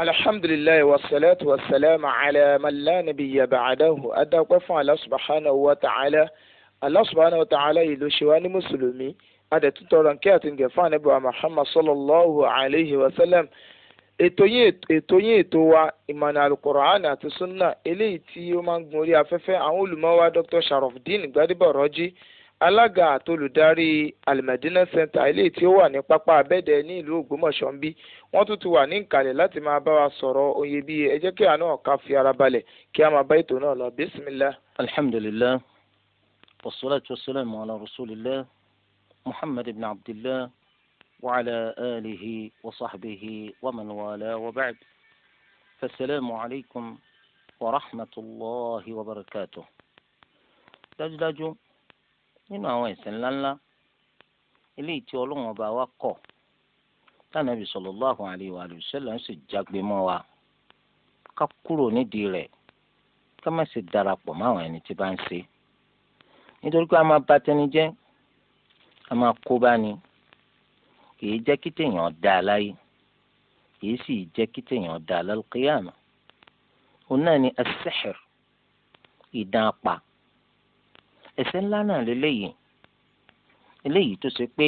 alhamdulilayi wasalaatu wasalaamu ala mala nabiya bacdahu adakọ fún alasubahanahu wa ta'ala alasubahanahu wa ta'ala yìí ló ṣe wá ní mùsùlùmí adẹ̀tú tọrọ nkẹ́ àti nkẹ́ fún anabiwa muhammad sallallahu alayhi wa sallam ètò yín ètò wa ìmọ̀nà alukur'an àti sunna eléyìí tí ó máa ń gun orí afẹ́fẹ́ àwọn olùmọ̀ wa dr sharafdin gbadebo rọ́jí alága àtolùdarí alimadina center eléyìí tí ó wà ní pápá abẹ́dẹ ní ìlú ògbómọ̀ṣọ́ ń bí wọ́n tún ti wà ní ìkàlẹ̀ láti máa bá wa sọ̀rọ̀ oyè bí ẹ jẹ́ kí àánú ọ̀ka fi ara balẹ̀ kí a máa bá ètò náà lọ bisimilah. alhamdulilah wasalaatu wasalaamu ala rasulillah muhammad ibn abdillah wa ala alihi wa sahbihi wa man wala wa ba'd fasalaamu alaykum wa rahmatulahi wa barakatuh. dájúdájú nínú àwọn ẹ̀ṣẹ̀ ńláńlá eléyìí tí ọlọ́run ọba wa kọ̀ tánàbì sallallahu alaihi wa sallam ń sì jágbe mọ́ wa ká kúrò nídìí rẹ̀ ká má sì darapọ̀ mọ́ àwọn ẹni tí bá ń ṣe nítorí pé a máa bà tẹni jẹ́ a máa kó bá ni kìí jẹ́ kí tèèyàn dá a láyé kìí sì jẹ́ kí tèèyàn dá a lálùkíyàmà òun náà ni as ìdán apá ẹ̀ṣẹ̀ ńlá náà lélẹ́yìí eléyìí tó ṣe pé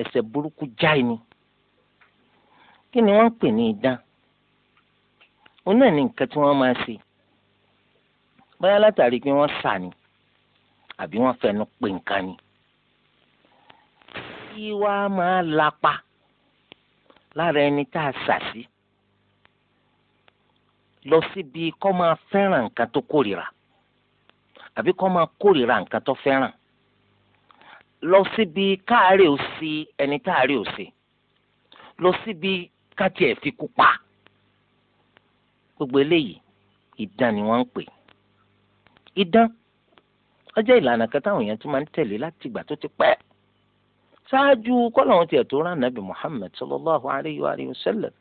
ẹ̀ṣẹ̀ burúkú jáì ni kí ni wọ́n ń pè ní idán òun náà ní nǹkan tí wọ́n máa ṣe báyà látàrí pé wọ́n sà ni àbí wọ́n fẹnu pé nǹkan ni tí wàá máa lapa lára ẹni tá a sà sí lọ síbi kọ́ máa fẹ́ràn nǹkan tó kórìíra àbí kọ́ máa kórìíra nǹkan tó fẹ́ràn lọ síbi káàárẹ̀ ò sí ẹni táàárẹ̀ ò sí lọ síbi káàtì ẹ̀ fi kú pa gbogbo eléyìí ìdán ni wọ́n ń pè ìdán ó jẹ́ ìlànà kan táwọn èèyàn tún máa ń tẹ̀lé láti ìgbà tó ti pẹ́ ṣáájú kọ́lọ́hún tiẹ̀ tó rán nàbì Muhammad sallallahu alayhi wa sallam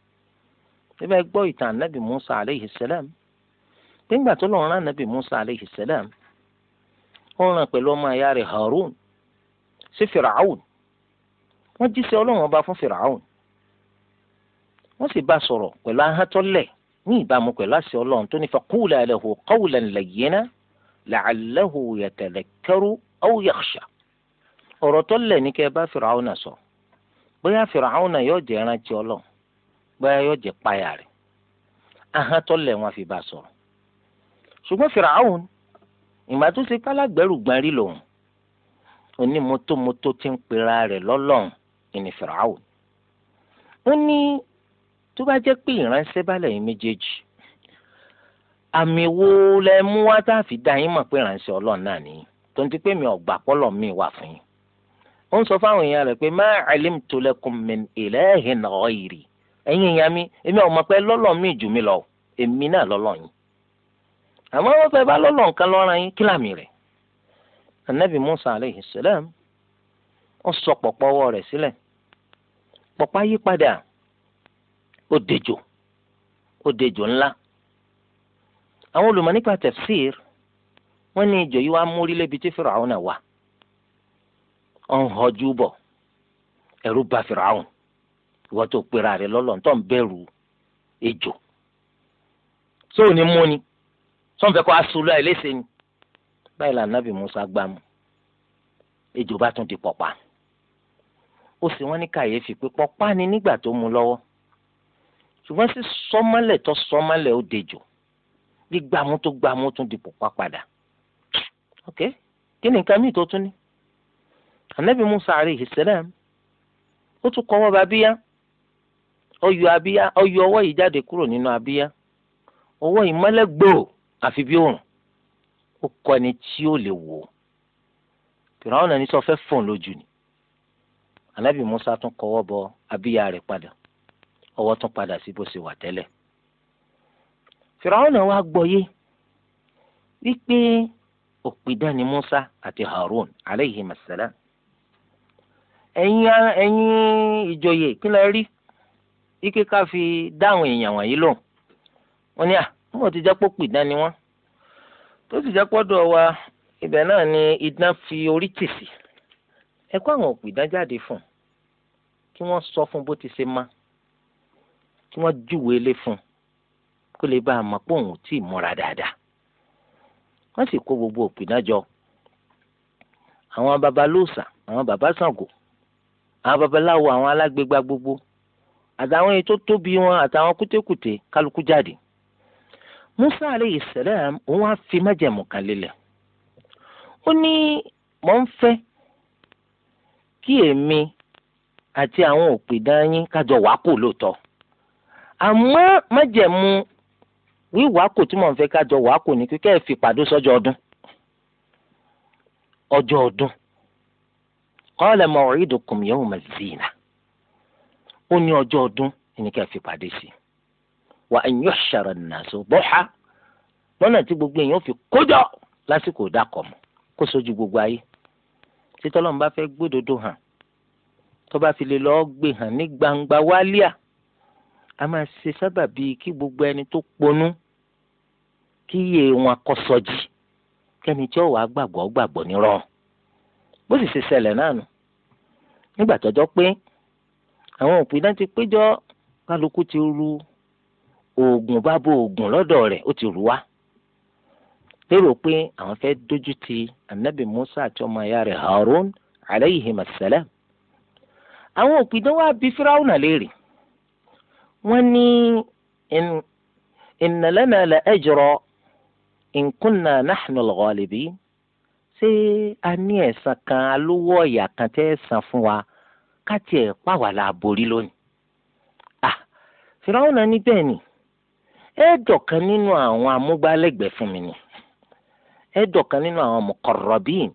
níbẹ̀ gbọ́ ìtàn nàbì Musa alayhi salam nígbà tó lọ́ọ́ rán nàbì Musa alayhi salam ó ràn pẹ̀lú ọmọ ìyá rẹ̀ Harun sí Firaun wọ́n jíṣẹ́ ọlọ́run ọba fún Firaun wọ́n sì bá sọ̀rọ̀ pẹ̀lú ahọ́ntọ́lẹ̀ ní ìbámu pẹ̀lú àṣẹ ọlọ́run tó ní faqula lahu qawlan layyina la'allahu yatadhakkaru aw yakhsha ọ̀rọ̀ tó lẹ̀ ní kẹ́ ẹ bá Firaun náà sọ bóyá Firaun yóò jẹ́ ẹrántí ọlọ́run bóyá yóò jẹ́ páyà rẹ̀ ahọ́ntọ́lẹ̀ wọn fi bá sọ̀rọ̀ ṣùgbọ́n Firaun ìgbà tó ṣe kálágbẹ́rù gbanrí lòun oní mọ́tòmọ́tò ti ń pera rẹ̀ lọ́lọ́run ìní fìràwò ó ní tó bá jẹ́ pé ìránṣẹ́ bá lẹ́yìn méjèèjì àmì wo lẹ mú wá tá a fi dá yín mọ̀ pé ìránṣẹ́ ọlọ́run náà nìyí tó ń ti pé mi ò gbà pọ́lọ̀ mi wà fún yín ó ń sọ fáwọn èèyàn rẹ̀ pé ma alimtu lakum min ilahin ghairi ẹ̀yin èèyàn mi èmi ò mọ̀ pé lọ́lọ́ mi jù mí lọ èmi náà lọ́lọ́ yín àmọ́ wọ́n fẹ́ bá lọ́lọ́ nǹkan lọ́ra yín kí làmì rẹ̀ anabi musa aleyhi salam ó sọ pọ̀pọ̀ ọwọ́ rẹ̀ sílẹ̀ pọ̀pá yí padà ó dejò ó dejò ńlá àwọn olùmọ̀ nípa tafsir wọ́n ní ìjọ yìí wá mórí lébi tí fìràwọn náà wà ó ń họjú bọ̀ ẹ̀rù bà fìràwọn ìwọ́n tó pera rẹ̀ lọ́lọ́ ń tọ́ ń bẹ̀rù ejò sóò ní múni. So, sọ́nfẹ́ kó aṣọlọ́ ẹ̀ léṣe ni báyìí là nàbì Musa gbà mú ejò bá tún di pọ̀pá ó sì wọ́n ní kàyéfì pé pọ̀pá ni nígbà tó mú lọ́wọ́ ṣùgbọ́n sí sọ́mọ́lẹ̀ tó sọ́mọ́lẹ̀ ó dejò gbígbàmú tó gbàmú tún di pọ̀pá padà ok kí ni nǹkan míì tó tún ní anabi Musa alayhi salam ó tún kọ́wọ́ babíyá ó yọ abíyá ó yọ ọwọ́ yìí jáde kúrò nínú abíyá ọwọ́ yìí mọ́lẹ̀ gbòò àfi bí òrùn ó kọ ẹni tí ó lè wò ó fìràwọn náà ní sọ fẹ́ fọ̀n lójú ni anábì Musa tún kọwọ́ bọ abíyá rẹ̀ padà ọwọ́ tún padà sí bó ṣe wà tẹ́lẹ̀ fìràwọn náà wá gbọ́yé wípé òpìdán ni Musa àti Harun aleyhi masalam ẹ̀yin ẹ̀yin ìjòyè kí lẹ rí ike ká fi dáhùn èèyàn wọ̀nyí lóhùn wọ́n ní à wọ́n ti jẹ́ pópì dání wọ́n tó sì jẹ́ pọ́dọ̀ wa ibẹ̀ náà ni idán fi orí tì sí ẹ kó àwọn òpì idán jáde fún kí wọ́n sọ fún bó ti ṣe má kí wọ́n júwèé lé fún kó lè bá a mọ̀ pé òun ò tí ì múra dáadáa wọ́n sì kó gbogbo òpì idán jọ àwọn babalóòsà àwọn baba àwọn babaláwo àwọn alágbègbà gbogbo àtàwọn èyí tóbi wọn àtàwọn kútẹ́kùtẹ́ kálukú jáde musa aleyhi salam òun á fi májẹ̀mú kan lélẹ̀ ó ní mò ń fẹ́ kí èmi àti àwọn òpìdán yín kájọ wàá kò lóòótọ́ àmọ́ májẹ̀mú wíwàá kò tí mò ń fẹ́ kájọ wàá kò ní kíkẹ́ ẹ̀ fi pàdé sọ́jọ́ ọdún ọjọ́ ọdún qala maw'idukum yawma zina ó ní ọjọ́ ọdún ẹnìkan fi pàdé sí i wa an yuhshara an-nasu duha lọ́nà tí gbogbo èèyàn fi kójọ lásìkò dákọ̀ mọ́ kó sojú gbogbo ayé tí tọ́lọ́run bá fẹ́ gbódodo hàn tó bá fi lè lọ́ọ́ gbé hàn ní gbangba wálíà a máa ṣe sábà bíi kí gbogbo ẹni tó ponú kí iye wọn kọ́ sọjí kẹ́ni tí ó wàá gbàgbọ́ gbàgbọ́ bó sì ṣe ṣẹlẹ̀ náà nù nígbà tọ́jọ́ pé àwọn òpin náà ti péjọ kálukú ti ru oògùn bá bo oògùn lọ́dọ̀ rẹ̀ ó ti rù wá lérò pé àwọn fẹ́ dójú ti anabi musa àti ọmọ ìyá rẹ̀ harun alayhi masalam àwọn òpìdán wá bí firawuna léèrè wọ́n ní inna lana la ajra in kunna nahnu ṣé a ní ẹ̀san kan alówó ọ̀yà kan tẹ́ san fún wa ká tiẹ̀ pàwọ́ la borí lónìí. Ah, firawuna ní bẹ́ẹ̀ ni. ẹ n'inu nínú àwọn amúgbálẹ́gbẹ̀ẹ́ fún mi ni ẹ dọ̀kan nínú àwọn mọ̀kọ̀rọ̀bíìn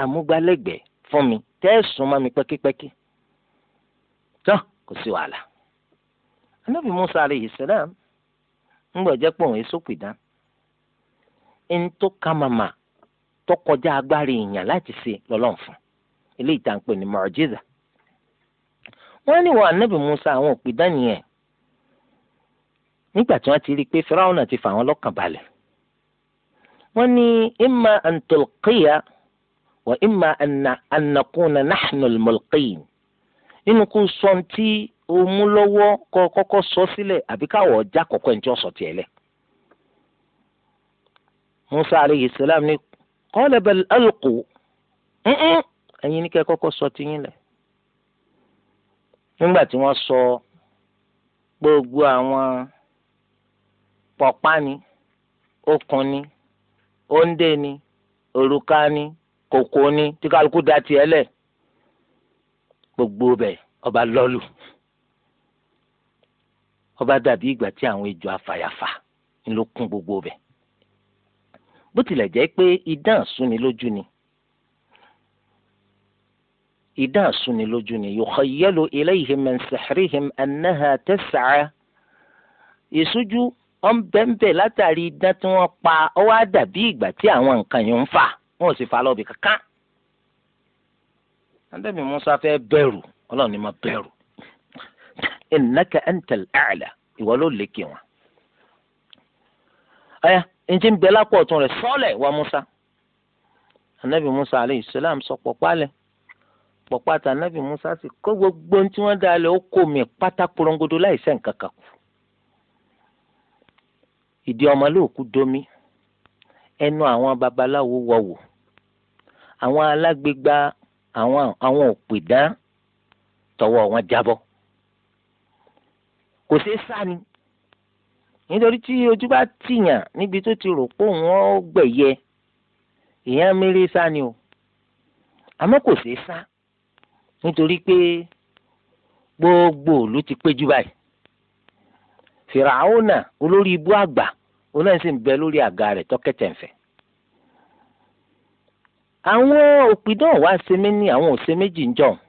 amúgbálẹ́gbẹ̀ẹ́ fún mi tẹ́ mọ́ mi pẹ́kípẹ́kí tó kò sí wàhálà anábì musa alayhi salam ń jẹ́ pé òun èso pìdán ń tó ká tó kọjá agbára èèyàn láti ṣe lọ́lọ́run fún eléyìí tá à ń pè ní mọ̀ọ́jíza wọ́n ní wọ́n anábì musa nígbà tí wọ́n ti rí i pé firaun ti fà wọ́n lọ́kàn balẹ̀ wọ́n ní imma an tulqiya wa imma an nakuna nahnu al-mulqin nínú kó sọ tí o mú lọ́wọ́ kọ́ kọ́kọ́ sọ sílẹ̀ àbí káwọ̀ ọjà kọ̀kọ́ ẹ̀ sọ tiẹ̀ lẹ̀. musa aleyhi salam ní qala bal alqu ẹ̀yin ní kẹ́ kọ́kọ́ sọ tiyín lẹ̀. nígbà tí wọ́n sọ gbogbo àwọn pọ̀pá ni okùn ni òǹdè ni òrùka ni kòkó ni tí kálukú da tiẹ̀ lẹ̀ gbogbo bẹ̀ ọba lọ́lù ọba dàbí ìgbà tí àwọn ejò afàyàfà ló kún gbogbo bẹ̀ bó tilẹ̀ jẹ́ pé idán súni lójú ni idán súni lójú ni yukhayyalu ilayhim min sihrihim annaha tas'a ìṣújú wọ́n bẹ́ńbẹ́ látàrí idán tí wọ́n pa ó wá dàbí ìgbà tí àwọn nǹkan yìí ń fà wọn ò sì fa lọ́ọ̀bì kankan. àdàbí Musa fẹ́ bẹ̀rù ọlọ́run ni mo bẹ̀rù innaka antal a'la ìwọ ló lékè wọn. aya njẹ́ ń bẹ lápò ọ̀tún rẹ̀ sọ́ọ̀lẹ̀ wa Musa. ànábì Musa aleyhi salam sọ pọ̀ pálẹ̀ pọ̀ pátá ànábì Musa sì kó gbogbo ohun tí wọ́n dá lẹ̀ ó kó mi pátá ìdí ọmọ lóòkú domi ẹnu àwọn babaláwo wọwò àwọn alágbègbà àwọn àwọn òpìdá tọ́wọ́ wọn jábọ́ kò ṣeé sá ni nítorí tí ojú bá tìyàn níbi tó ti rò pé òun ó gbẹ̀yẹ ìyẹn méré sá ni o àmọ́ kò ṣeé sá nítorí pé gbogbo òlu ti péjú báyìí fìràhónà olórí ibú àgbà òun náà sì ń bẹ lórí àga rẹ̀ tọ́kẹ̀tẹ̀ǹfẹ̀. àwọn òpìdán wa ṣe mí ní àwọn òṣè méjì ń jọ̀hún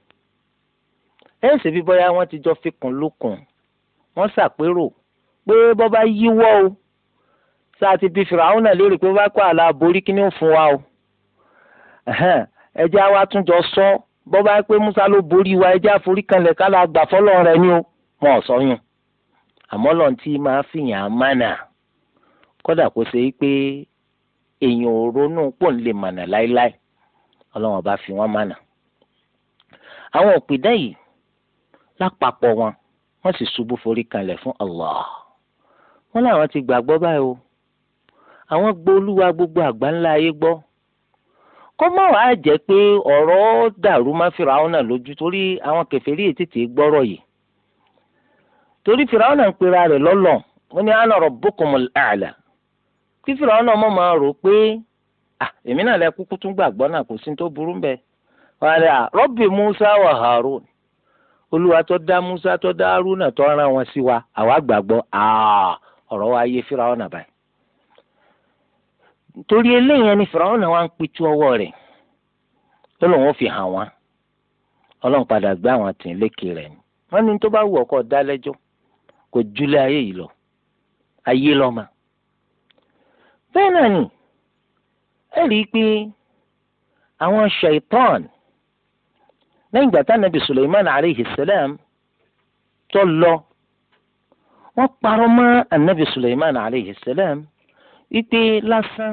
ẹ̀ ṣe bí bọ́yá wọ́n ti jọ fikùn lukùn wọ́n ṣàpérò pé bọ́ bá yíwọ́ o sáà ti bí fìràwọn náà lórí pé bá kọ́ àlà borí kí ni ó fún wa o ẹjẹ́ àwa tún jọ sọ bọ́ bá pé Musa ló borí wa ẹjẹ́ àforíkanlẹ̀ ká la gbà fọ́lọ́ rẹ ni o wọn ò sọ yún lọ́n tí máa fìyàn á kódà kó ṣe é pé èèyàn ò ronú pọ̀ ń lè mànà láéláé ọlọ́run bá fi wọ́n mànà. àwọn òpìdá yìí lápapọ̀ wọn wọ́n sì ṣubú forí kanlẹ̀ fún Allah wọ́n láwọn ti gbàgbọ́ báyìí o àwọn gbọ́ olúwa gbogbo àgbáńlá ayé gbọ́ kó má wàá jẹ́ pé ọ̀rọ̀ dàrú má Fíráúnà lójú torí àwọn kèfèrí ètètè gbọ́rọ̀ yìí torí Fíráúnà ń pera rẹ̀ lọ́lọ́ ó ní ana rabbukumul a'la kí fìràwọn náà mọ̀ máa rò pé èmi náà lẹ kúkú tún gbàgbọ́ náà kò sí tó burú rọ́bì Musa wà Harun olúwa tó dá Musa tó dá Haruna tó rán wọn sí wa àwa gbàgbọ́ ọ̀rọ̀ wa yé fìràwọn náà báyìí torí eléyìí ni fìràwọn náà wá ń pitú ọwọ́ rẹ̀ tó lòun ò fi hàn wọn ọlọ́run padà gbé àwọn tì í lékè rẹ̀ ni wọ́n ní tó bá wù ọkọ̀ bẹ́ẹ̀ náà ni ẹ rí i pé àwọn ṣaitan lẹ́yìn ìgbà táwọn nàbì Sulaiman alayhi salam tó lọ wọ́n parọ́ mọ́ ànábì Sulaiman alayhi salam wípé lásán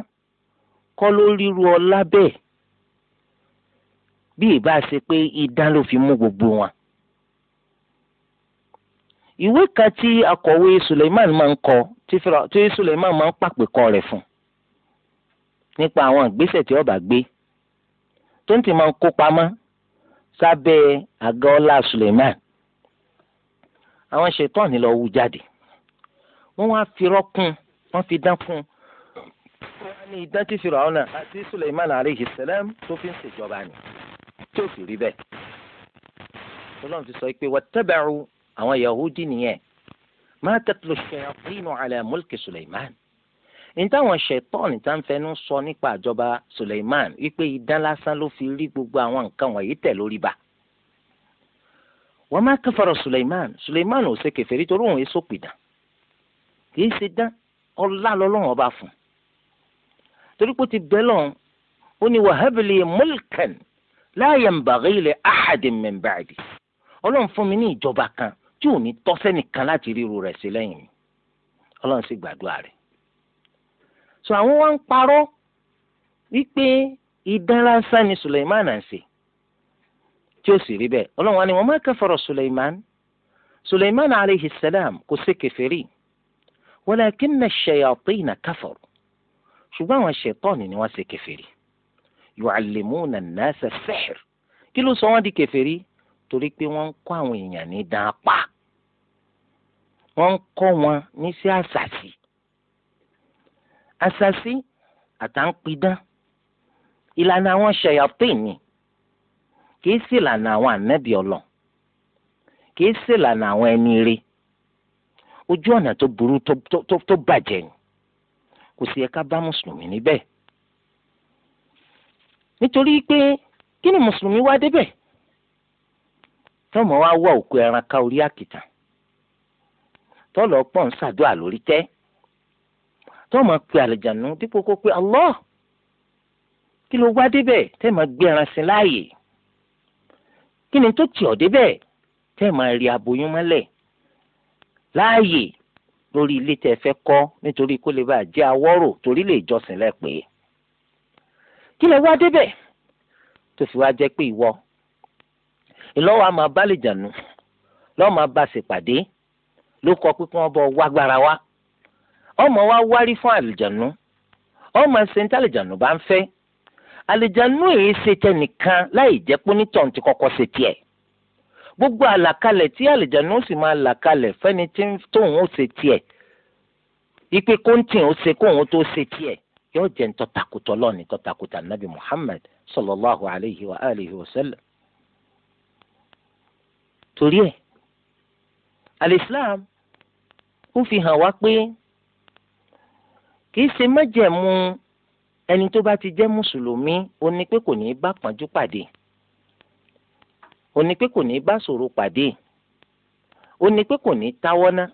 kọ́ ló ríru ọlá bẹ́ẹ̀ bí ìbá ṣe pé idán ló fi mú gbogbo wọn ìwé kan tí akọ̀wé Suleiman máa ń kọ tí Suleiman máa ń pàpèkọ rẹ̀ fún nípa àwọn ìgbésẹ̀ tí ọba gbé tó ń tì máa ń kó pamọ́ sábẹ́ àga ọlá Suleiman àwọn ṣetán ni lọ wú jáde wọ́n wá fi rọ́kùn wọ́n fi dán kún ní idán tí Firaona àti Suleiman aleyhi salam tó fi ń ṣèjọba ni tí ó sì rí bẹ́ẹ̀ Ọlọ́run ti sọ pé wattaba'u àwọn yahudi nìyẹn máa tatlu shayatinu ala mulki suleiman níta àwọn ṣẹtọ́ọ̀nì tá ń fẹnu sọ nípa àjọba suleiman wípé idán lásán ló fi rí gbogbo àwọn nǹkan wọ̀nyí tẹ̀ lórí bá wa ma kafara suleiman suleiman ò ṣe kèfèrí torí òun èso pìdán kìí ṣe dán ọlá lọ́lọ́run ọba fún torí pé ó ti bẹ́ lọ́run ó ní wahabli mulkan la yanbaghi li ọlọ́run fún mi ní ìjọba kan tí ò ní tọ́ sẹ́nìkan láti ríru rẹ̀ sí lẹ́yìn mi ọlọ́run sì gbàdúrà rẹ̀ so àwọn wá ń parọ́ wípé idán lásán ni Suleiman ń ṣe tí ó sì rí bẹ́ẹ̀ ọlọ́run wa ni wọ́n máa kẹfọ́rọ̀ Suleiman Suleiman aleyhi salam kò ṣe kèfèrí walakinna shayatina ṣùgbọ́n àwọn ṣẹ̀tọ́ọ̀nì ni wọ́n ṣe kèfèrí yu'allimuna an-nasa sihr kí ló sọ wọ́n di kèfèrí torí pé wọ́n ń kọ́ àwọn èèyàn ní dáa pa wọ́n ń wọn ní sí àṣàṣì àṣàṣì àtàǹpidán ìlànà àwọn ṣayàtìn ni kìí sí ìlànà àwọn ànábì ọlọ kìí sí ìlànà àwọn ẹni rí ojú ọ̀nà tó burú tó bàjẹ́ ni kò sí ẹ̀ka bá mùsùlùmí níbẹ̀ nítorí pé kí ni mùsùlùmí wá débẹ̀ tọ́mọ̀ wá wá òkú ẹran ká orí àkìtàn tọ́lọ̀ pọ̀ ń ṣàdúrà lórí tẹ́ tọ́ máa pe àlejànú dípò kó pe Allah kí ló wá débẹ̀ tẹ́ máa gbé ẹran sí láàyè kí ni tó tì ọ́ débẹ̀ tẹ́ máa rí aboyún mọ́lẹ̀ láàyè lórí ilé tẹ́ fẹ́ kọ́ nítorí kó lè bá jẹ́ awọ́rò torí lè jọsìn lẹ́pẹ́ kí lè wá débẹ̀ tó fi wá jẹ́ pé ìwọ ìlọ́wọ́ a máa bá lè jànú lọ́ọ́ máa bá a ṣèpàdé ló kọ pé kí bọ wágbára wá ọmọ wa wárí fún àlìjànú ọmọ ẹsẹ̀ ní tàlìjànú bá ń fẹ́ àlìjànú èyí ṣe tẹnìkan láì jẹ́ pé onítọ̀hún ti kọ́kọ́ ṣe tiẹ̀ gbogbo àlàkalẹ̀ tí àlìjànú sì máa làkalẹ̀ fẹ́ni tí tóun ó ṣe tiẹ̀ ipe kóńtì ó ṣe kóun tó ṣe tiẹ̀ yóò jẹ́ ntọ́takùtọ̀ lọ́ọ̀ni tọ́takùtà nàbì Muhammad sallallahu alayhi wa alihi wa sallam torí ẹ̀ alìsílámù ó fi hàn wá pé kìí ṣe májẹ̀mú ẹni tó bá ti jẹ́ mùsùlùmí ó ní pé kò ní bá pọ́njú pàdé ó ní pé kò ní bá ṣòro pàdé ó ní pé kò ní táwọ́ ná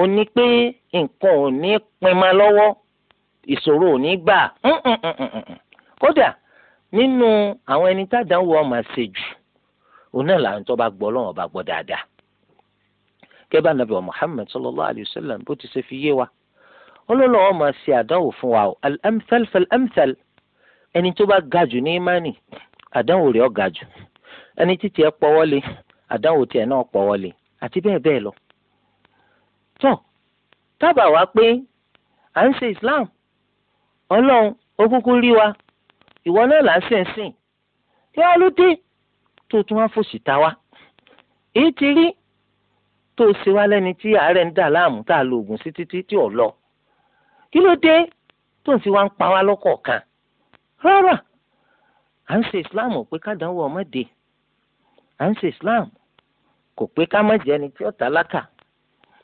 ó ní pé nǹkan ò ní pinma lọ́wọ́ ìṣòro ò ní gbà kódà nínú àwọn ẹni tá àdánwò ọmọ àṣejù òun náà làwọn tó bá gbọ́ lọ́wọ́ bá gbọ́ dáadáa kẹ́bà nàbì wa Muhammad sallallahu alayhi wa sallam bó ti ṣe fi yé wa ọlọ́lọ́ wọn máa ṣe àdánwò fún wa o al-amthal fal-amthal ẹni tó bá ga jù ní imani àdánwò rẹ̀ ó ga jù ẹni títí ẹ pọ̀ wọlé àdánwò tiẹ̀ náà pọ̀ wọlé àti bẹ́ẹ̀ bẹ́ẹ̀ lọ. tó tábà wá pé à ń ṣe Islam ọlọ́run ó kúkú rí wa ìwọ náà là ń sìn sìn kí wọ́n ló dé tó tún wá fòṣì ta wa èyí ti rí tó o ṣe wá lẹ́ni tí àárẹ̀ ń dà láàmú tá a lo oògùn sí títí tí ò lọ kí ló dé tó ń fi wá ń pa wá lọ́kọ̀ọ̀kan rárá à ń ṣe islam pé kádàáwọ̀ ọmọdé à ń ṣe islam kò pé ká má jẹ́ ẹni tí ó tálákà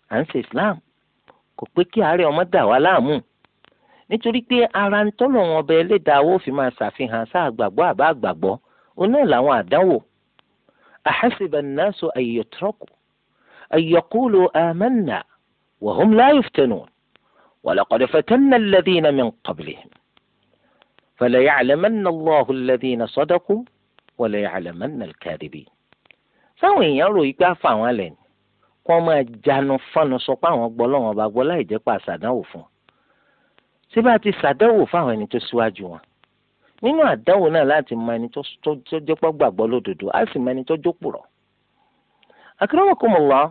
à ń ṣe islam kò pé kí àárẹ̀ ọmọ dà wá láàmú nítorí pé ara ń tọ́lọ̀ wọn ọbẹ̀ ẹlẹ́dàá ó fi máa ṣàfihàn sáà gbàgbọ́ àbá àgbàgbọ́ oná làwọn àdánwò ahasiba an-nasu ay أن يقولوا آمنا وهم لا يفتنون ولقد فتنا الذين من قبلهم فليعلمن الله الذين صدقوا وليعلمن الكاذبين sáwọn èèyàn ròyìn pé àfa àwọn alẹ ni kó máa jánu fánu sọ pé àwọn gbọ́ lọ́wọ́n bá gbọ́ láì jẹ́ pé àṣàdánwò fún un síbá ti ṣàdánwò fáwọn ẹni tó síwájú wọn nínú àdánwò náà láti mọ ẹni tó jẹ́ gbàgbọ́ lódodo á sì mọ ẹni tó jókòó rọ̀ àkàrà kò mọ̀ lọ́wọ́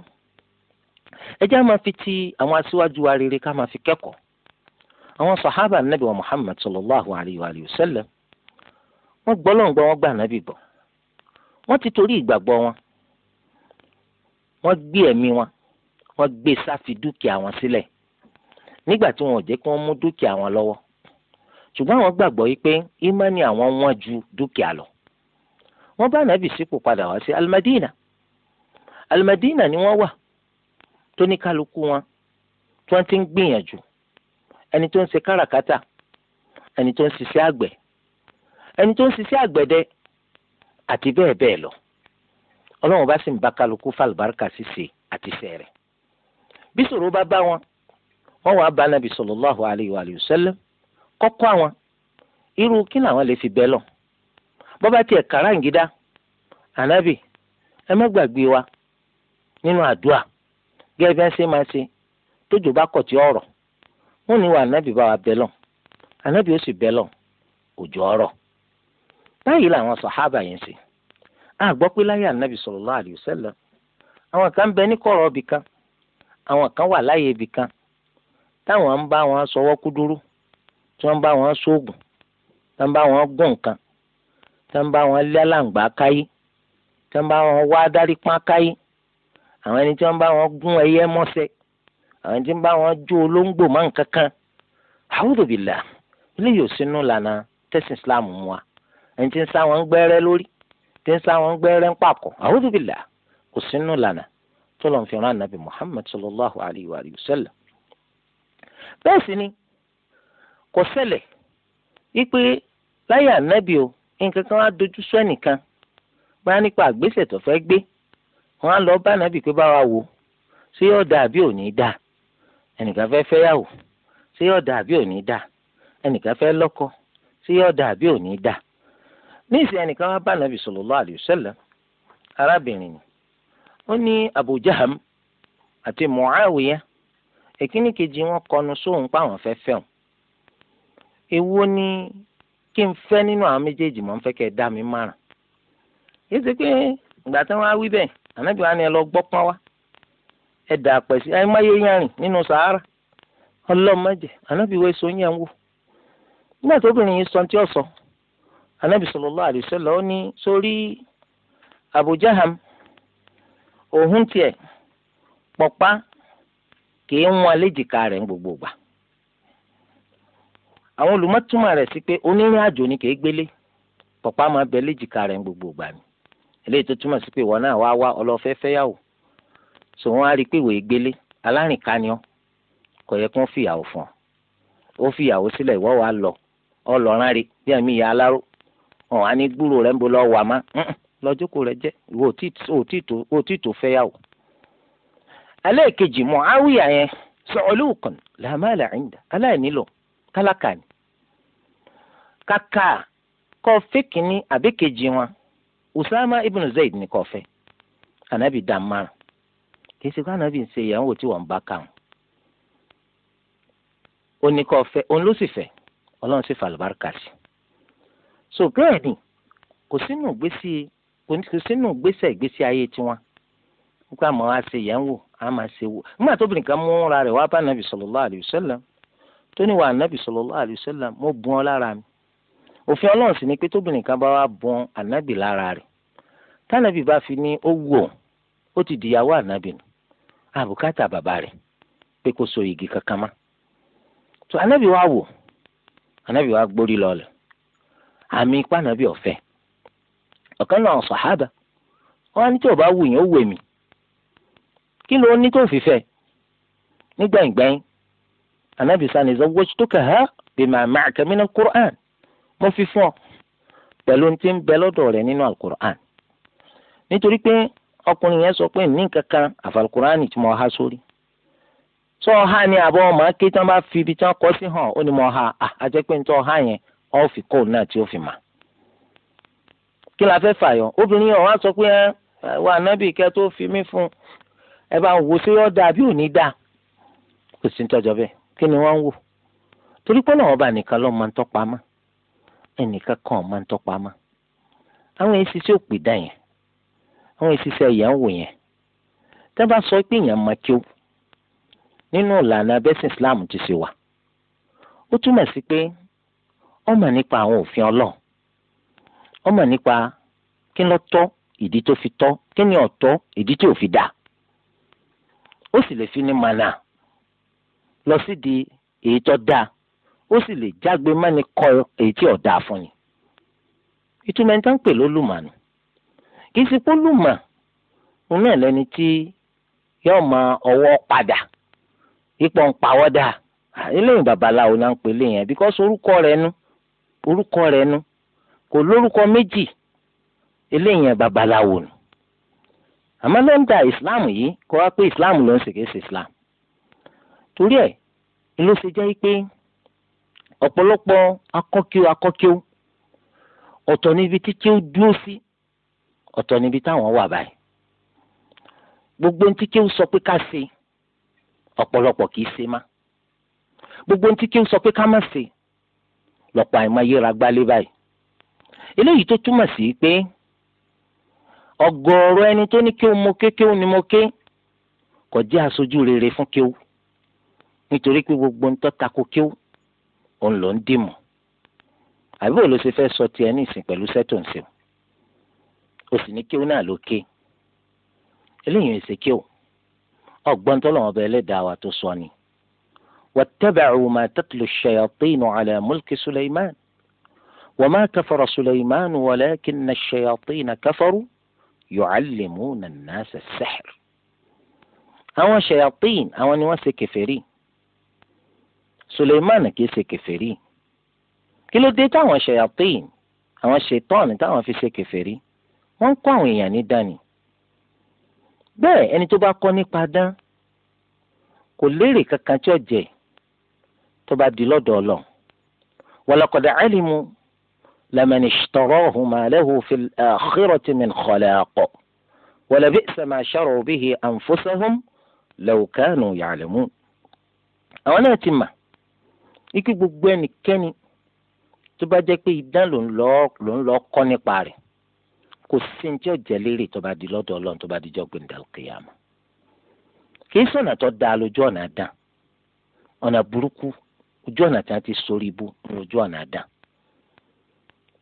ẹ jẹ́ àmà fi ti àwọn aṣíwájú wa rere ká máa fi kẹ́kọ̀ọ́ àwọn sàhábà nàbì wa Muhammad sallallahu alayhi wa sallam wọ́n gbọ́ lọ́n gbọ́ wọ́n gbà nàbì gbọ́ wọ́n ti torí ìgbàgbọ́ wọn wọ́n gbé ẹ̀mí wọn wọ́n gbé sáfi dúkìá wọn sílẹ̀ nígbà tí wọn ò jẹ́ kí wọ́n mú dúkìá wọn lọ́wọ́ ṣùgbọ́n àwọn gbàgbọ́ yìí pé ìmánì àwọn wọ́n ju dúkìá lọ wọ́n bá nàbì sípò padà wá sí Al-Madina ni wọ́n wà tó ní kálukú wọn tí wọ́n ti ń gbìyànjú ẹni tó ń ṣe káràkátà ẹni tó ń ṣiṣẹ́ àgbẹ̀ ẹni tó ń ṣiṣẹ́ àgbẹ̀dẹ àti bẹ́ẹ̀ bẹ́ẹ̀ lọ ọlọ́run bá sì ń bá kálukú fàlùbáríkà ṣíṣe àti ṣẹ́ bí ṣòro bá bá wọn wọ́n wàá bá nàbì sallallahu alayhi wa sallam kọ́kọ́ àwọn irú kí làwọn lè fi bẹ́ẹ̀ lọ bọ́bá tiẹ̀ kàrá ìgídá ànábì ẹ má gbàgbé wa nínú àdúrà gẹ́gẹ́ bí wọ́n ṣe máa ṣe tójò bá kọ̀ tí ọ̀rọ̀ wọ́n ní wà ànábì bá wa bẹ́lọ̀ ànábì ó sì bẹ́lọ̀ òjò ọ̀rọ̀ báyìí làwọn sàhábà yẹn ṣe a gbọ́ pé láyé ànábì sallallahu alayhi wa sallam àwọn kan bẹ ní kọ̀rọ̀ ibì kan àwọn kan wà láyé ibì kan táwọn ń bá wọn sọwọ́ kúdúrú tí wọ́n ń bá wọn sóògùn tí wọ́n ń bá wọn gún nǹkan tí wọ́n ń bá wọn lé alàǹgbá káyé tí wọ́n ń bá wọn wá adarí pọ́n káyé àwọn ẹni tí wọ́n bá wọn gún ẹyẹ mọ́sẹ̀ àwọn ẹni tí wọ́n bá wọn jó olóńgbò mọ́ nǹkan kan àwùjọ bìlà ilé yóò sínú lànà tẹ̀sìn islam mu wa ẹni tí ń sá wọn gbẹ́rẹ́ lórí tí ń sá wọn gbẹ́rẹ́ ń pàkọ́ àwùjọ bìlà kò sínú lànà tó lọ́n fi rán anabi muhammad sallallahu alayhi wa sallam bẹ́ẹ̀ sì ni kò ṣẹlẹ̀ wípé láyé anabi o nǹkan kan á dojú sọ ẹnìkan báyà nípa àgbésẹ̀ tó fẹ́ gbé wọ́n á lọ bá nàbì pé bá wa wò ṣé yóò dáa àbí ò ní dáa ẹnìkan fẹ́ fẹ́yàwó ṣé yóò dáa àbí ò ní dáa ẹnìkan fẹ́ lọ́kọ ṣé yóò dáa àbí ò ní dáa ẹnìkan wá bá nàbì sallallahu alayhi arábìnrin ni ó ní Abu Jaham àti Muawiya èkíní kejì wọn kọnu sóhun páwọn fẹ́ fẹ́hùn èwo ni kí n fẹ́ nínú àwọn méjèèjì mọ̀ n fẹ́ kẹ́ ẹ dá mi márùn yìí ti pé ìgbà tí wọ́n á wí bẹ́ẹ̀ ànábì wa ni ẹ lọ gbọ́pọ́n wá ẹ dà pẹ̀sì ẹ má yé yàn rìn nínú sahara ọlọ́mọdé ànábì wa èso yẹn wò nígbà tó obìnrin yìí sọ tí ó sọ ànábì sallallahu alaihi wasallam ó ní sórí Abu Jaham òhun tiẹ̀ pọ̀pá kìí ń wọn léjìká rẹ̀ ń gbogbo gbà àwọn olùmọ̀túmọ̀ rẹ̀ sí pé onírìn àjò ni kìí gbélé pọ̀pá máa bẹ léjìká rẹ̀ ń gbogbo ni eléyìí tó túmọ̀ sí pé ìwọ náà wá wá ọlọ́fẹ́ fẹ́yàwó so wọ́n á rí i pé ìwé gbélé alárìnkaniọ́ kò yẹ kí wọ́n fìyàwó fún ọ ó fìyàwó sílẹ̀ ìwọ wàá lọ ọ lọ rán rí bí ẹ̀mí ìyá aláró ọ̀hún á ní gbúrò rẹ̀ ń bo lọ́ọ́ wà má lọ́jọ́kọ̀ rẹ̀ jẹ́ ìwọ òtí tó fẹ́yàwó. ẹlẹ́ẹ̀kejì Muawiya yẹn sọ̀ọ́lùkùn làmàlà usama ibn zayd ní kó fẹ́ anabi damar kìí ṣe kó anabi ń ṣe ìyàwó tí wọ́n bá kàn ó ní kó fẹ́ òun ló sì fẹ́ ọlọ́run sì fàlùbáríkà sí so bẹ́ẹ̀ ni kò sínú ìgbésí kò sínú ìgbésẹ̀ ìgbésí ayé tiwọn nípa àmọ́ wa ṣe ìyàwó a máa ṣe wò nígbà tó obìnrin kan mú ra rẹ̀ wá bá anabi sallallahu alaihi wasallam tó ní wà anabi sallallahu alaihi wasallam mo bùn ọ lára mi òfin ọlọ́run sì ni pé tóbìnrin kan bá wá bọ́n ànábì lára rẹ̀ tánàbì bá fi ní ó wù ọ́ ó ti dìyàwó ànábì nù àbùkátà bàbá rẹ̀ pé kó so igi kankan mọ́ tó ànábì wá wò ànábì wá gbórí lọ́lẹ̀ àmì ipá ànábì ọ̀fẹ́ ọ̀kan náà sàhábà wọn á ní tí ò bá wù yín ó wù èmi kí ló ní tó fìfẹ́ nígbàgbẹ́yìn ànábì mo fi fún ọ pẹ̀lú ti ń bẹ lọ́dọ̀ rẹ nínú alukur'an nítorí pé ọkùnrin yẹn sọ pé ní kankan àfàlùkùránì tí mo há sórí tó ọha ni àbọ̀ ọmọ ké tí wọ́n bá fi ibi tí wọ́n kọ́ sí hàn ó ní mo ha àjẹ́ pé nítorí ọha yẹn ọ́ fi kóòdù náà tí ó fi mà kí la fẹ́ fàyọ obìnrin yẹn wá sọ pé ẹ wà nábì kẹ tó fi mí fún ẹ bá wò sí ọ́ dà bí ò ní dà kò sí ní tọ́jọ́ bẹ́ẹ̀ kí ni wọ́n ń wò torí pé náà ọba nìkan lọ́ọ́ máa ń tọ́pa máa ẹnìkan kan ọ̀ máa ń tọpa mọ́ àwọn èsì tí ò pè dá yẹn àwọn èsì tí ẹ̀yà ń wò yẹn tẹ́ bá sọ pé èèyàn máa kí ó nínú ìlànà abẹ́sìn Islam ti ṣe wà ó túmọ̀ sí pé ó mọ̀ nípa àwọn òfin Ọlọ́run ó mọ̀ nípa kí ló tọ́ ìdí tó fi tọ́ kí ni ọ̀tọ́ ìdí tí ò fi dà ó sì lè fi ní mana lọ sí di èyí tó dáa ó sì lè jágbe mẹ́ni kọ́ èyí tí ọ̀dà fún ni. ìtumọ̀ ẹni tó ń pè lólùmọ̀nù kì í ṣe pé lùmọ̀ òun náà lẹni tí yóò mọ ọwọ́ padà ipò ń pawọ́dà eléyìí babaláwo náà ń pè léyìn ẹ̀ bíkọ́sì orúkọ rẹ̀ nu orúkọ rẹ̀ nu kò lórúkọ méjì eléyìí babaláwo nù àmọ́ lọ́ńdà ìsìláàmù yìí kọ́ wá pé ìsìláàmù ló ń ṣèké ṣe ìsìláàmù torí ẹ̀ ló ṣe jẹ́ pé ọ̀pọ̀lọpọ̀ akọ́kíw akọ́kíw ọ̀tọ̀ níbi tí kíw dúró sí ọ̀tọ̀ níbi táwọn wà báyìí gbogbo ní tí kíw sọ pé ká ṣe ọ̀pọ̀lọpọ̀ kìí ṣe má gbogbo ní tí kíw sọ pé ká má ṣe lọ́pọ̀ àìmọ̀ yíra gbálé báyìí eléyìí tó túmọ̀ sí pé ọ̀gọ̀ọ̀rọ̀ ẹni tó ní kíw mo ké kíw ni mo ké kò jẹ́ aṣojú rere fún kíw nítorí pé gbogbo ń tọ́ta kó kíw òun ló ń dìmọ̀ àbí òun ló ṣe fẹ́ sọ tiẹ̀ ní ìsìn pẹ̀lú sẹ́tò ń sèwọ̀n o sì ní kí o náà ló ké eléyìí ń ṣe kí kéwù ọgbọ́n lọ́wọ́ bẹ́ẹ̀ ẹlẹ́dàá wa tó sọ ni واتبعوا ما تتلو الشياطين على ملك سليمان وما كفر سليمان ولكن الشياطين كفروا يعلمون الناس السحر àwọn ṣayatin àwọn ni wọ́n ṣe kèfèrí suleiman kì í ṣe kèfèrí kí ló dé táwọn ṣayatin àwọn ṣetán táwọn fi ṣe kèfèrí wọ́n ń kọ́ àwọn èèyàn ní dání bẹ́ẹ̀ ẹni tó bá kọ́ nípa dán kò léèrè kankan tí ó jẹ tó bá di lọ́dọ̀ ọlọ walaqad alimu lamani ishtarahu ma lahu fil akhirati min khalaq wala bi'sa ma sharu bihi anfusahum law kanu ya'lamun àwọn náà ti mà. ikú gbogbo ẹnikẹ́ni tó bá jẹ́ pé idán ló ń lọ ló ń lọ kọ́ nípa rẹ̀ kò sí ní tí tó bá di lọ́dọ̀ ọlọ́run tó bá di jọ́ gbẹ̀ndàkìyàmù kì í sọ̀nà tó dáa lójú ọ̀nà dàn ọ̀nà burúkú ojú ọ̀nà tí wọ́n ti sórí ibu lójú ọ̀nà dàn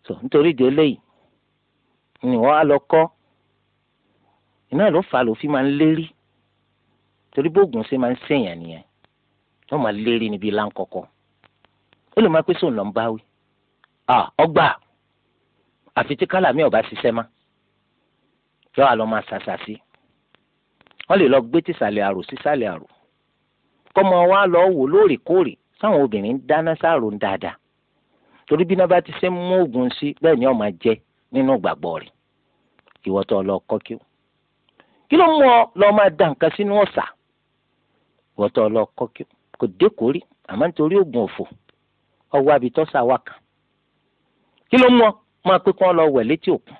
so nítorí ìdí eléyìí ni wọ́n á lọ kọ́ iná ló ló fi máa ń lérí torí bóògùn ṣe máa ó lè máa pé sóun lọ ń báwí ọgbà àfi tí kálàmì ọba ṣiṣẹ́ má yọ àlọ́ máa ṣàṣàṣì wọ́n lè lọ gbé tìsàlẹ̀ àrò sísàlẹ̀ àrò kọ́mọ wa lọ wò lóòrèkóòrè sáwọn obìnrin dáná sáàrò ń dáadáa torí bí náà bá ti ṣe ń mú oògùn sí bẹ́ẹ̀ ni ó jẹ nínú ìgbàgbọ́ rẹ̀ ìwọ tó lọ kọ́ kí o kí ló mú ọ lọ máa da nǹkan sínú ọ̀sà ìwọ tó lọ kọ́ kí o kò dé kórì àmọ́ nítorí oògùn òfò ọwọ́ àbítọ́sà wà kàn kí ló mú ọ máa pé kí wọ́n lọ wẹ̀ létí òkun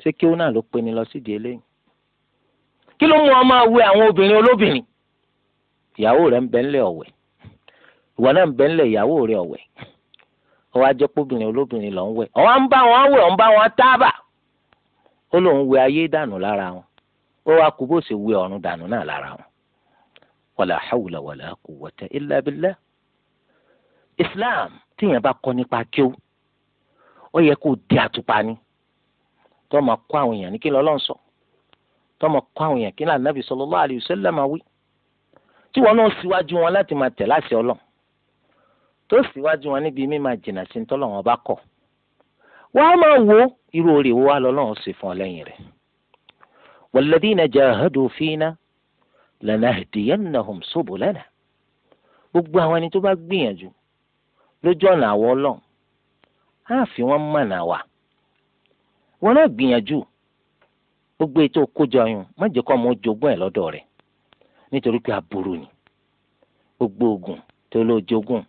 ṣé kí ó náà ló pe ni lọ sídìí eléyìí kí ló mú ọ máa wẹ àwọn obìnrin olóbìnrin ìyàwó rẹ ń bẹ ńlẹ̀ ọ̀wẹ̀ ìwọ náà ń bẹ ńlẹ̀ ìyàwó rẹ ọ̀wẹ̀ ọwọ́ ajẹ́pọ̀bìnrin olóbìnrin lọ ń wẹ̀ ọwọ́ ń bá wọn wẹ̀ ọ̀n bá wọn tábà ó lóun wẹ ayé dànù lára wọn ó wá kú bó sì wẹ ọ̀run dànù náà lára wọn wàlà hàwùlà wàlà quwwata illa Islam tíyẹn bá kọ́ nípa kíó ó yẹ kó di àtùpà ni tó máa kọ́ àwọn èèyàn ní kí lọ́lọ́run sọ tó máa kọ́ àwọn èèyàn kí lọ́lọ́run nàbì sallallahu alaihi wasallam wí tí wọn náà síwájú wọn láti máa tẹ̀ láṣẹ ọlọ́run tó síwájú wọn níbi mímá jìnnà sí tọ́lọ́run bá kọ̀ wọ́n á máa wo irú oore wo wá lọ́lọ́run sì fún ọ lẹ́yìn rẹ̀ walladhina jahadu fina lanahdiyannahum subulana gbogbo àwọn ẹni tó bá gbìyànjú lójú ọ̀nà àwọ̀ ọlọ́ á fi wọ́n mọ̀nà wà wọn náà gbìyànjú gbogbo ètò òkójọ yun má jẹ́ kó ọmọ jogún ẹ̀ lọ́dọ̀ rẹ̀ nítorí pé aburú ni gbogbo ogun tó lọ jogún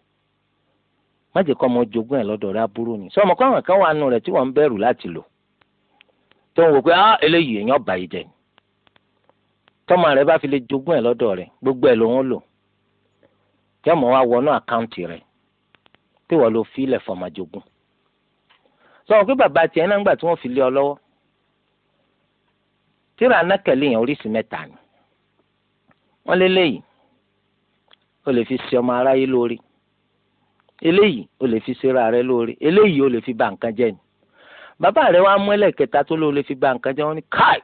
má jẹ́ ọmọ jogún ẹ̀ lọ́dọ̀ rẹ̀ aburú ni sọmọ kọ́ àwọn kan wà nù rẹ̀ tí wọ́n ń bẹ̀rù láti lò tó ń wò pé ah, eléyìí èèyàn yìí jẹ tọ́mọ rẹ̀ gbogbo ẹ̀ lòun lò kí ọmọ wa wọnú tí wọ́n lọ fi ilẹ̀ fọmọjogun sọ̀rọ̀ pé bàbá tiẹ̀ náà gbà tí wọ́n fi lé ọ lọ́wọ́ tíra anákẹ́lẹ́ yẹn oríṣi mẹ́ta ni wọ́n lé léyìí o lè fi ṣe ọmọ aráyé lórí eléyìí o lè fi ṣera rẹ lórí eléyìí o lè fi ba nǹkan jẹ́ ni bàbá rẹ wàá mú ẹlẹ́kẹta tó lóò lè fi ba nǹkan jẹ́ wọ́n ní káì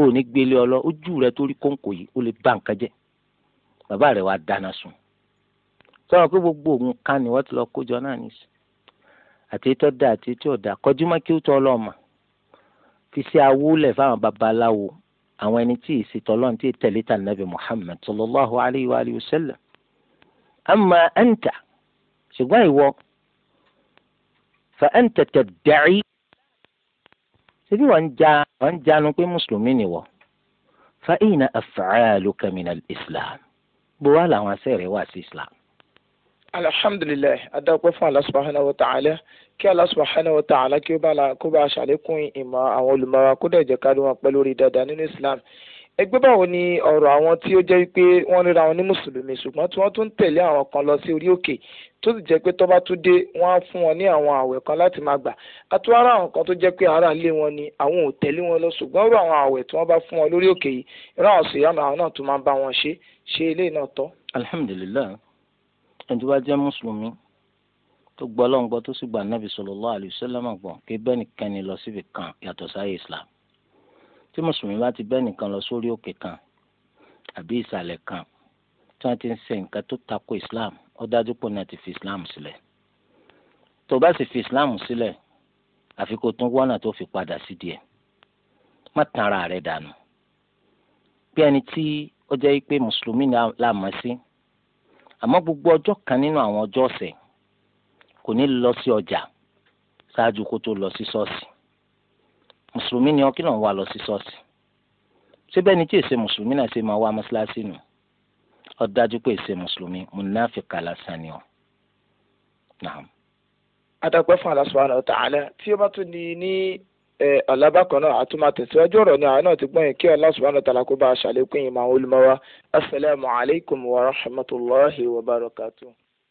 o ò ní gbélé ọ lọ ojú rẹ torí kóńkò yìí o lè ba nǹkan jẹ́ bàbá rẹ wàá dáná sun sọ̀rọ̀ pé gbogbo òun kan ni wọ́n ti lọ kójọ náà ní sùn àti tó da àti tí ò da kọjú mọ́ kí ó tọ́ ọlọ́mà fi ṣe awúlẹ̀ fáwọn babaláwo àwọn ẹni tí ìṣètò ọlọ́run tí tẹ̀lé tà nàbì Muhammad sallallahu alayhi wa alihi wa sallam amma anta ṣùgbọ́n ìwọ fa anta tadda'i ṣebí wọ́n ja wọ́n janu pé mùsùlùmí ni wọ́ fa ina af'aluka min al-islam bó wà làwọn asẹ́rẹ̀ wà sí islam alhamdulilayi adakwe fún Allah subhanahu wa ta'ala kí Allah subhanahu wa ta'ala kí ó bá la kó bá a ṣàlékún ìmọ̀ àwọn olùmọ̀ra kó dẹ̀ jẹ́ ká ló wọn pẹ́ lórí dáadáa nínú Islam ẹgbẹ́ báwo ni ọ̀rọ̀ àwọn tí ó jẹ́ pé wọ́n ríra wọn ní mùsùlùmí ṣùgbọ́n tí wọ́n tún tẹ̀lé àwọn kan lọ sí orí òkè tó sì jẹ́ pé tó bá tún dé wọ́n á fún wọn ní àwọn àwẹ̀ kan láti máa gbà àti ara àwọn kan tó jẹ́ pé ara ilé wọn ni àwọn ò tẹ̀lé wọn lọ ṣùgbọ́n irú àwọn àwẹ̀ tí wọ́n bá fún wọn lórí òkè yìí irú àwọn sèyámù àwọn náà tún máa bá wọn ṣe ṣe eléyìí náà tọ́. alhamdulilayi ẹni tó bá jẹ́ mùsùlùmí tó gbọ́ Ọlọ́run gbọ́ tó sì gba Ànábì sallallahu alaihi wasallam gbọ́ kí bẹ́ẹ̀ nìkan ni lọ síbi kan yàtọ̀ sáyé Islam tí mùsùlùmí bá ti bẹ́ẹ̀ nìkan lọ sórí òkè kan àbí ìsàlẹ̀ kan tí wọ́n ti ń ṣe nǹkan tó tako Islam ó dájú pé náà ti fi Islam sílẹ̀ tó bá sì fi Islam sílẹ̀ àfi kó tún wọ́nà tó fi padà sí díẹ̀ má tan ara rẹ̀ dànù bí ẹni tí ó jẹ́ pé mùsùlùmí làmọ́ sí àmọ́ gbogbo ọjọ́ kan nínú àwọn ọjọ́ ọ̀sẹ̀ kò ní lọ sí ọjà ṣáájú kó tó lọ sí ṣọ́ọ̀ṣì mùsùlùmí ni ọkí náà wà lọ sí ṣọ́ọ̀ṣì síbẹ̀ ni tí èsè mùsùlùmí náà ṣe máa wá mọ́ṣáláṣí nù ó pé èsè mùsùlùmí mùnáfíkà lásán ni ọ. adàpẹ́ fún Allah subhanahu wa ta'ala tí ó bá tún ní ní ọ̀la bákan náà a tún máa tẹ̀síwájú ọ̀rọ̀ ni àwọn náà ti gbọ́n yìí kí Allah subhanahu wa kó bá a ṣàlékún yìí máa ń olùmọ́ wa asalaamualeykum wa rahmatulahi wa barakatuh.